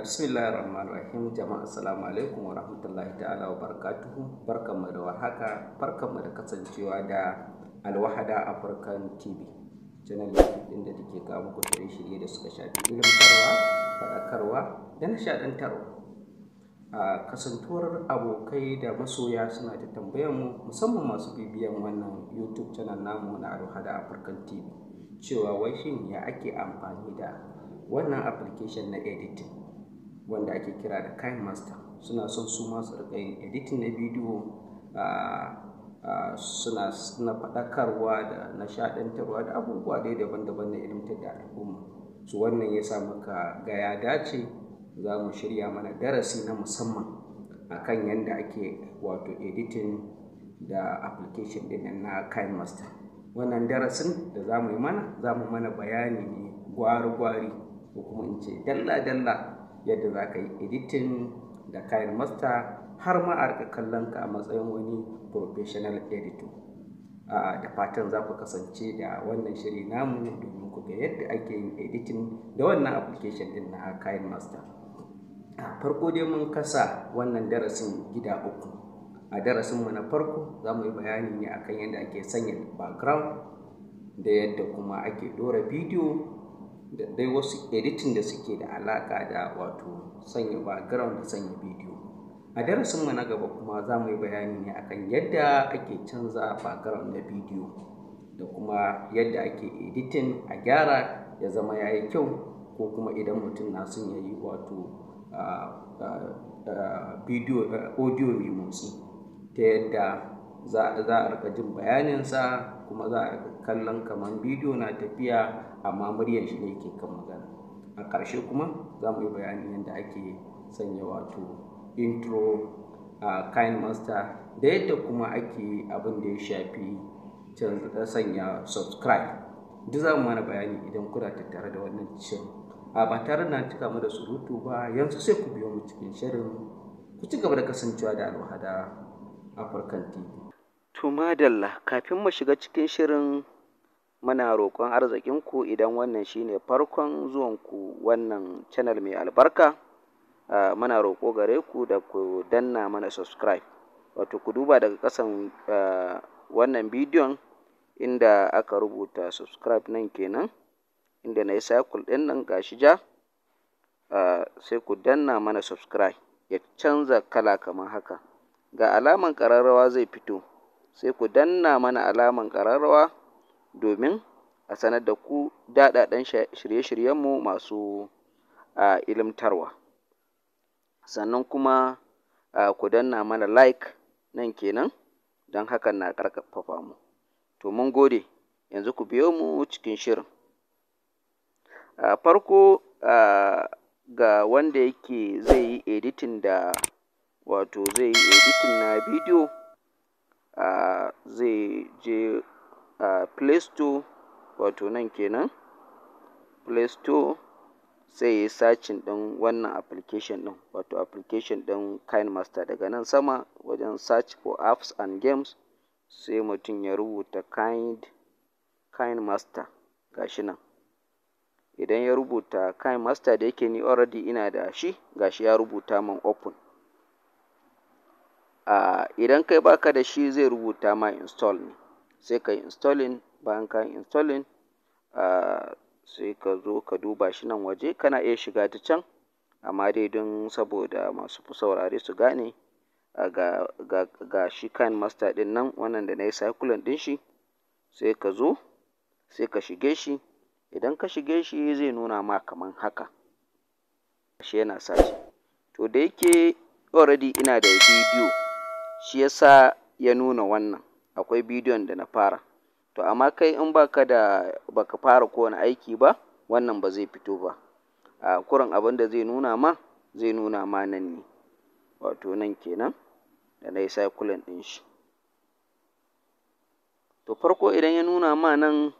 bismillahirrahmanirrahim jama'a assalamu alaikum wa rahmatullahi ta'ala wa barakatuhu barkanmu da warhaka barkanmu da kasancewa da alwahada african tv channel din da take ga muku da shirye da suka shafi ilmantarwa faɗakarwa da nishaɗantarwa a kasantuwar abokai da masoya suna ta tambayar mu musamman masu bibiyan wannan youtube channel namu na alwahada african tv cewa wai shin ya ake amfani da wannan application na editing wanda ake kira da kind master suna son su masu rika yin editing na bidiyo suna suna faɗakarwa da nishaɗantarwa da abubuwa dai daban-daban na ilimtar da al'umma su wannan ya sa muka ga ya dace za mu shirya mana darasi na musamman akan yadda ake wato editin da application ɗin na kind master wannan darasin da za mu yi mana za mu mana bayani ne gwari-gwari ko kuma in ce dalla-dalla yadda za ka yi editin da kayan master har ma a rika kallon ka a matsayin wani professional editor da fatan za ku kasance da wannan shiri namu domin ku ga yadda ake yin editing da wannan application din na kayan master farko dai mun kasa wannan darasin gida uku a darasin mu na farko za mu yi bayani ne akan yadda ake sanya background da yadda kuma ake dora bidiyo da dai wasu editing da suke da alaƙa da wato sanya background da sanya bidiyo a darasin mu na gaba kuma za mu yi bayani ne akan yadda ake canza background na bidiyo da kuma yadda ake editing a gyara ya zama ya yi kyau ko kuma idan mutum na son ya yi wato ah, ah, ah, audio mai motsi ta yadda za a rika jin bayanin sa, kuma za a kallon kamar bidiyo na tafiya amma muryar shi ne ke kan magana a ƙarshe kuma za mu yi bayanin yadda ake sanya wato intro a kind master da yadda kuma ake abin da ya shafi eh, sanya subscribe duk za mu mana bayani idan kuna tattare da wannan cin a ba tare na cika mu da surutu ba yanzu sai ku biyo mu cikin shirin ku ci gaba da kasancewa da alwahada afirkan tv To madalla, kafin mu shiga cikin shirin muna roƙon arzikinku idan wannan shine farkon zuwanku wannan channel mai albarka, uh, muna roƙo gare ku da ku danna mana subscribe. Wato ku duba daga ƙasan ah, wannan bidiyon inda aka rubuta subscribe nan kenan, inda na yi cycle ɗin nan gashi ja, ah, sai ku danna mana subscribe ya canza kala kamar haka. Ga alaman ƙararrawa zai fito. sai ku danna mana alaman ƙararrawa domin a sanar da ku daɗaɗen shirye-shiryenmu masu a ilimtarwa. Sannan kuma a ku danna mana like nan kenan don hakan na ƙarfafa mu. To mun gode, yanzu ku biyo mu cikin shirin. A farko a ga wanda yake zai yi editing da wato zai yi editing na bidiyo. zai je Play Store wato nan kenan Play Store sai yayi sacin ɗin wannan application ɗin wato application ɗin Kind Master daga nan sama wajen search for apps and games sai mutum ya rubuta Kind Master ga nan idan ya rubuta Kind Master da yake ni already ina da shi gashi ya rubuta man open. idan kai baka da shi zai rubuta ma install ne sai ka yi installing bayan ka yi installing sai ka zo ka duba shi nan waje kana iya shiga ta can amma dai don saboda masu saurare su gane ga, shi kan master din nan wannan da na yi cycling din shi sai ka zo sai ka shige shi idan ka shige shi zai nuna ma kaman haka shi yana sace to da yake already ina da bidiyo shi yasa ya nuna wannan akwai bidiyon da na fara to amma kai in baka da baka fara kowane aiki ba wannan ba zai fito ba a kurin abin da zai nuna ma zai nuna ma nan ne wato nan kenan da na yi cycling ɗin shi to farko idan ya nuna ma nan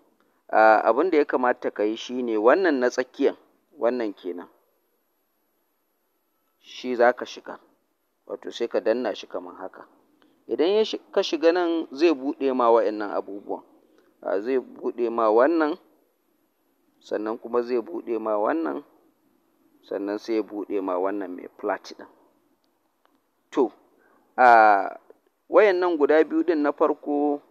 abin da ya kamata ka yi shi ne wannan na tsakiyan wannan kenan shi za ka shiga wato sai ka danna shi kamar haka idan ka shiga nan zai buɗe ma wa'annan abubuwan zai buɗe ma wannan sannan kuma zai buɗe ma wannan sannan sai ya buɗe ma wannan mai flat ɗin to a wayannan guda biyu ɗin na farko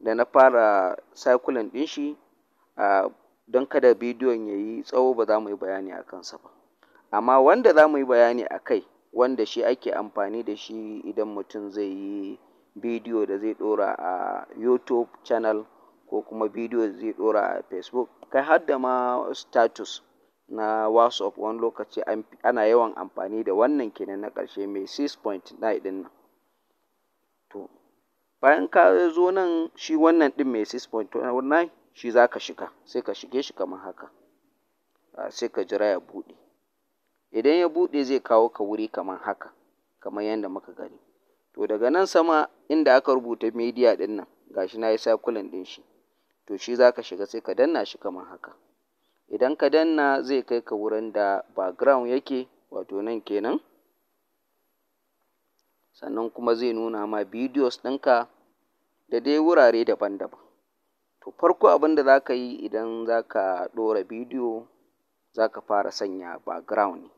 da na fara cyclin ɗin shi a don kada bidiyon ya yi tsawo ba za mu yi bayani a kansa ba amma wanda za mu yi bayani a kai wanda shi ake amfani da shi idan mutum zai yi bidiyo da zai ɗora a YouTube channel ko kuma bidiyo da zai ɗora a Facebook kai har da ma status na WhatsApp wani lokaci ana yawan amfani da wannan kenan na ƙarshe mai 6.9 ɗin nan. To bayan ka zo nan shi wannan ɗin mai 6.9 shi za ka shiga sai ka shige shi kamar haka ah, sai ka jira ya buɗe. idan ya buɗe zai kawo ka wuri kamar haka kamar yadda muka gani to daga nan sama inda aka rubuta media ɗin nan gashi na yi sakulan ɗin shi to shi za ka shiga sai ka danna shi kamar haka idan ka danna zai kai ka wurin da background yake wato nan kenan sannan kuma zai nuna ma videos ɗinka da dai wurare daban-daban to farko abin da za ka yi idan za ka ɗora bidiyo za ka fara sanya background ne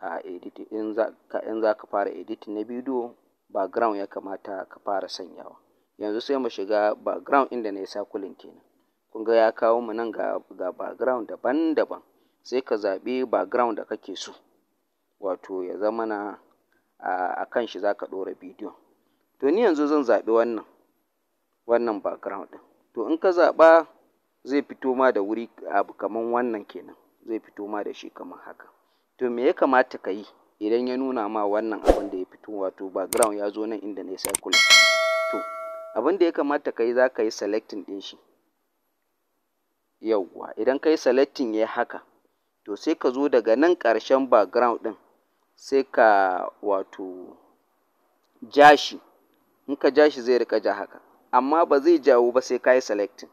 a edit in za ka in za ka fara editing na bidiyo background ya kamata ka fara sanyawa yanzu sai mu shiga background inda na yi sakulin kenan kun ga ya kawo mu nan ga ga background daban-daban sai ka zaɓi background da kake so wato ya zama na a kan shi za ka ɗora bidiyo. to ni yanzu zan zaɓi wannan wannan background ɗin to in ka zaɓa zai fito ma da wuri abu kaman wannan kenan zai fito ma da shi kaman haka to me ya kamata ka yi idan ya nuna ma wannan abin da ya fito wato background ya zo nan inda na circle to abin da ya kamata ka yi za ka yi selecting ɗin shi yauwa idan ka yi selecting ya haka to sai ka zo daga nan ƙarshen background ɗin sai ka wato ja in ka jashi zai rika ja haka amma ba zai jawo ba sai ka yi selecting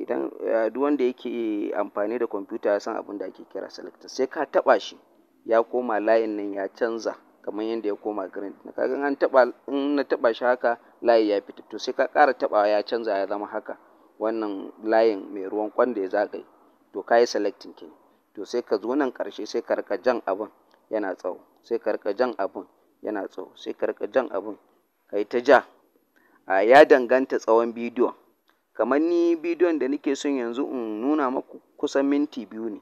idan eh, duk wanda yake amfani da kwamfuta ya san abin da ake kira selector sai ka taɓa shi ya koma layin nan ya canza kamar yadda ya koma green kaga an in na taɓa shi haka layi ya fita to sai ka ƙara taɓawa ya canza ya zama haka wannan layin mai ruwan kwan da ya zagaye to ka yi selecting kenan to sai ka zo nan ƙarshe sai ka rika jan abun yana tsawo sai ka rika jan abun yana tsawo sai ka rika jan abun ka yi ta ja ah, ya danganta tsawon bidiyon Kamar ni bidiyon da nake son yanzu in nuna maku kusan minti biyu ne.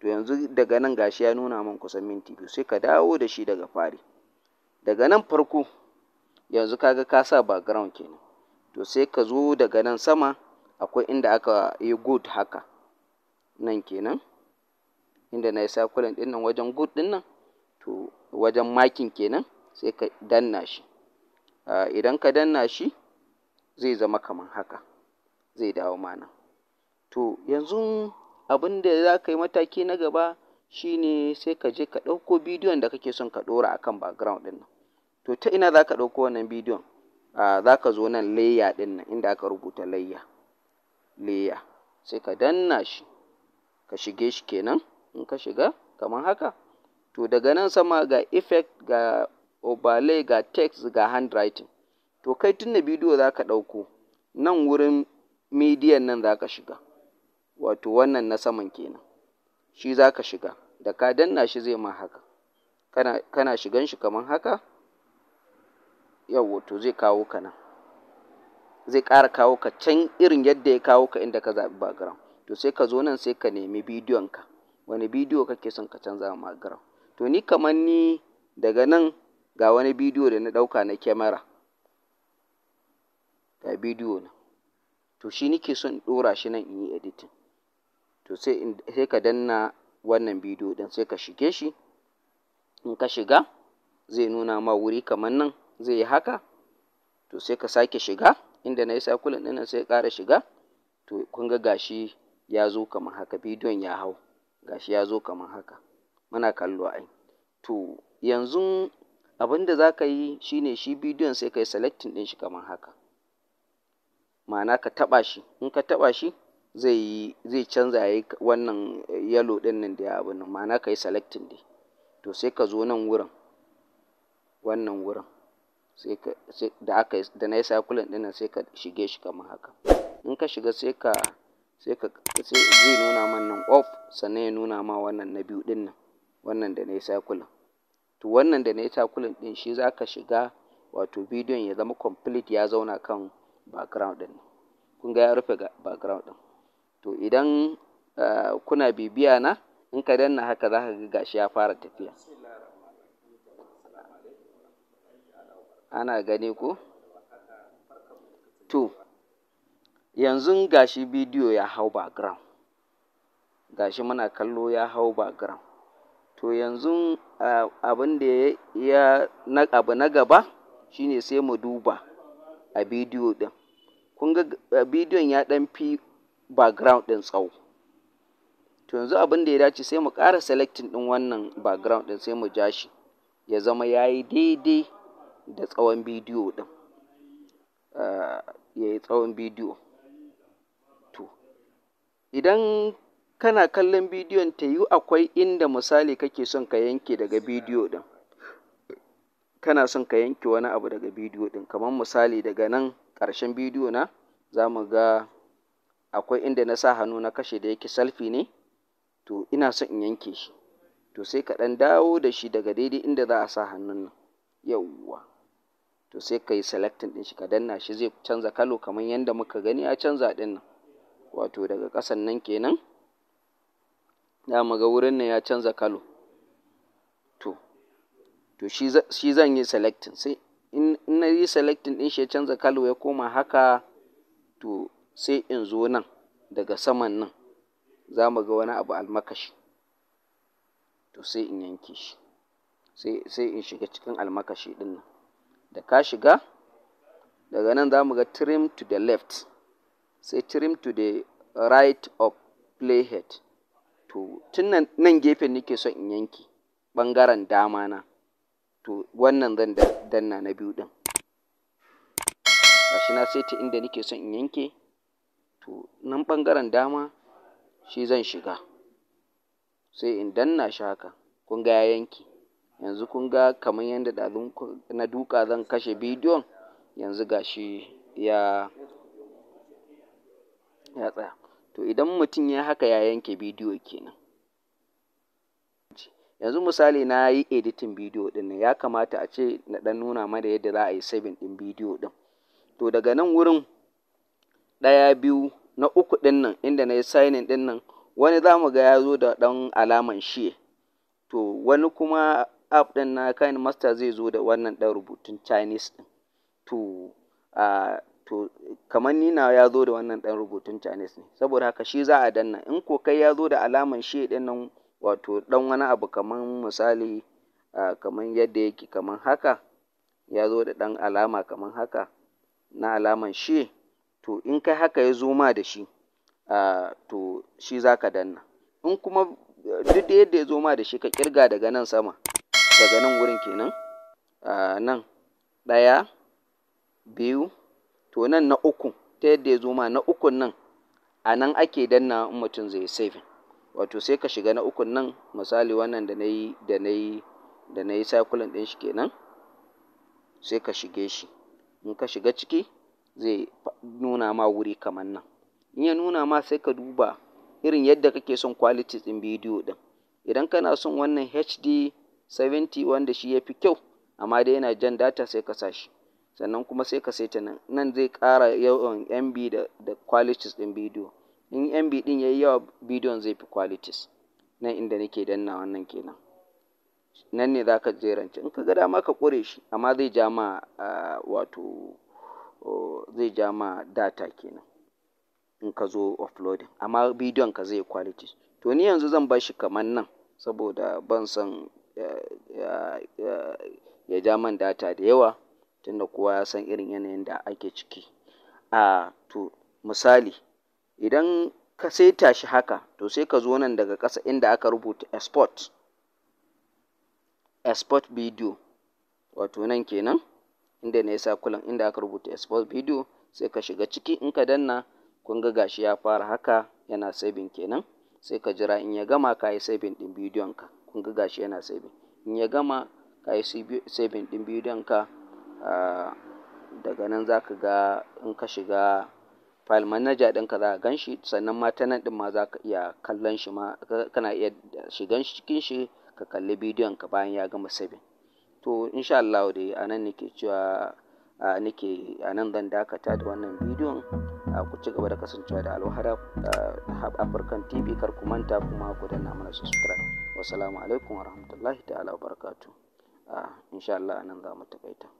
To yanzu daga nan gashi ya nuna min kusan minti biyu sai ka dawo da shi daga fari. Daga nan farko yanzu kaga ka sa background kenan. To sai ka zo daga nan sama akwai inda aka yi good haka. Nan kenan. Inda na yi circling din nan wajen good din nan. To wajen makin kenan sai ka danna shi. Ah, idan ka danna shi zai zama kamar haka. zai dawo mana. To yanzu abin da za ka yi mataki na gaba shine sai ka je ka ɗauko bidiyon da kake son ka ɗora akan kan background ɗin nan. To ta ina za ka ɗauko wannan bidiyon? A za ka zo nan layya ɗin nan inda aka rubuta layer, layer sai ka danna shi ka shige shi kenan in ka shiga kamar haka. To daga nan sama ga effect ga overlay ga text ga handwriting. To kai tunda bidiyo za ka ɗauko nan wurin midiyan nan za ka shiga wato wannan na saman kenan shi za ka shiga da ka danna shi zai ma haka kana, kana shigan shi kamar haka yau to zai kawo ka nan zai ƙara kawo ka can irin yadda ya kawo ka inda ka zaɓi background to sai ka zo nan sai ka nemi bidiyon ka wani bidiyo kake son ka canza ma to ni kamar ni daga nan ga wani bidiyo da na ɗauka na kyamara ga bidiyo na to shi nike son ɗora shi nan in yi editing to sai ka danna wannan bidiyo ɗin sai ka shige shi in ka shiga zai nuna ma wuri kamar nan zai yi haka to sai ka sake shiga inda na yi sakulan ɗin sai ƙara shiga to kun ga gashi ya zo kamar haka bidiyon ya hau gashi ya zo kamar haka muna kallo ai to yanzu abin da za ka yi shine shi bidiyon sai ka yi selecting ɗin shi kaman haka ma'ana ka taɓa shi in ka taɓa shi zai yi zai canza yayi wannan yellow ɗin nan da ya abin nan ma'ana ka yi selecting dai to sai ka zo nan wurin wannan wurin sai ka sai da aka da na yi circling ɗin nan sai ka shige shi kamar haka in ka shiga sai ka sai ka sai zai nuna man nan off sannan ya nuna ma wannan na biyu ɗin nan wannan da na yi circling to wannan da na yi circling ɗin shi za ka shiga wato bidiyon ya zama complete ya zauna kan background din kun ga ya rufe background ɗin to idan eh, kuna bibiya na in ka danna haka za ka ga gashi ya fara tafiya ana gani ko to yanzu gashi bidiyo ya hau background gashi muna kallo ya hau background to yanzu eh, abin da ya na abu na gaba shine sai mu duba a bidiyo din kun ga eh, bidiyon ya ɗan fi background ɗin tsawo to yanzu abin da ya dace sai mu ƙara selecting ɗin wannan background ɗin sai mu ja shi ya zama ya yi daidai da tsawon bidiyo ɗin eh, ya yi tsawon bidiyo to idan kana kallon bidiyon ta yi akwai inda misali kake son ka yanke daga bidiyo ɗin kana son ka yanke wani abu daga bidiyo ɗin kamar misali daga nan ƙarshen bidiyo na za mu ga akwai inda na sa hannu na kashe da yake salfi ne to ina son in yanke shi to sai ka ɗan dawo da shi daga daidai inda za a sa hannun nan yawwa to sai ka yi selecting ɗin shi ka danna shi zai canza kalo kamar yadda muka gani ya canza ɗin nan wato daga ƙasan nan kenan za mu ga wurin nan ya canza kalo to shi zan yi selecting sai in na yi selecting ɗin shi ya canza kalo ya koma haka to sai in zo nan daga saman nan za mu ga wani abu almakashi to sai in yanke shi sai in shiga cikin almakashi ɗin nan da ka shiga daga nan za mu ga trim to the left sai trim to the right of playhead to tun nan, nan gefen nake son in yanke ɓangaren dama na to wannan zan danna na biyu ɗin shi na saita inda nake son in yanke to nan ɓangaren dama shi zan shiga sai in danna shi haka kun ga ya yanke yanzu kun ga kamar yadda ɗazun na duka zan kashe bidiyon yanzu gashi ya ya tsaya to idan mutum ya haka ya yanke bidiyo kenan yanzu misali na yi editin bidiyo ɗin ya kamata a ce na ɗan nuna mana yadda za a yi saving ɗin bidiyo ɗin to daga nan wurin ɗaya biyu na uku ɗin nan inda na yi sainin ɗin nan wani za mu ga ya zo da ɗan alaman shi to wani kuma app ɗin na kind master zai zo da wannan ɗan rubutun chinese ɗin to a to kamar nina ya zo da wannan ɗan rubutun chinese ne saboda haka shi za a danna in ko kai ya zo da alaman shi ɗin nan wato ɗan wani abu kamar misali kamar yadda yake kamar haka ya zo da ɗan alama kamar haka na alaman she to in kai haka ya zo ma da shi to shi za ka danna in kuma eh, duk da yadda ya zo ma da shi ka kirga daga nan sama daga nan wurin kenan nan ɗaya biyu to nan na uku ta yadda ya zo ma na ukun nan a nan ake danna in mutum zai saving wato sai ka shiga na ukun nan misali wannan da na yi da na yi da na yi ɗin shi kenan sai ka shige shi in ka shiga ciki zai nuna ma wuri kamar nan in ya nuna ma sai ka duba irin yadda kake son quality ɗin bidiyo din, idan kana son wannan HD 70 wanda shi yafi kyau amma dai yana jan data sai ka sashi sannan kuma sai ka saita nan nan zai ƙara yawan MB da, da qualities ɗin bidiyo in MB ɗin yayi yawa bidiyon zai fi qualities nan inda nake danna wannan kenan nan ne za ka jerance in ka ga dama ka ƙure shi amma zai ja ma wato zai ja ma data kenan in ka zo uploading amma bidiyon ka zai quality to ni yanzu zan bar shi kamar nan saboda ban son ya ja man data da yawa tunda kowa ya san irin yanayin da ake ciki a to misali idan ka saita shi haka to sai ka zo nan daga ƙasa inda aka rubuta export export video wato nan kenan inda na yasa kulan inda aka rubuta export video sai ka shiga ciki in ka danna kun ga gashi ya fara haka yana saving kenan sai ka jira in ya gama ka yi saving din bidiyon ka kun ga gashi yana saving in ya gama ka yi saving din bidiyon ka daga nan za ka ga in ka shiga file manager ɗinka za ka gan shi sannan ma tenant nan ɗin ma za ka iya kallon shi ma kana iya shigan cikin shi ka kalli bidiyon ka bayan ya gama sabin to insha Allah dai a nan nake cewa nake a nan zan dakata da wannan bidiyon ku ci gaba da kasancewa da alwahara hab african tv kar ku manta kuma ku danna mana subscribe wassalamu alaikum warahmatullahi ta'ala wabarakatuh insha Allah a nan za mu takaita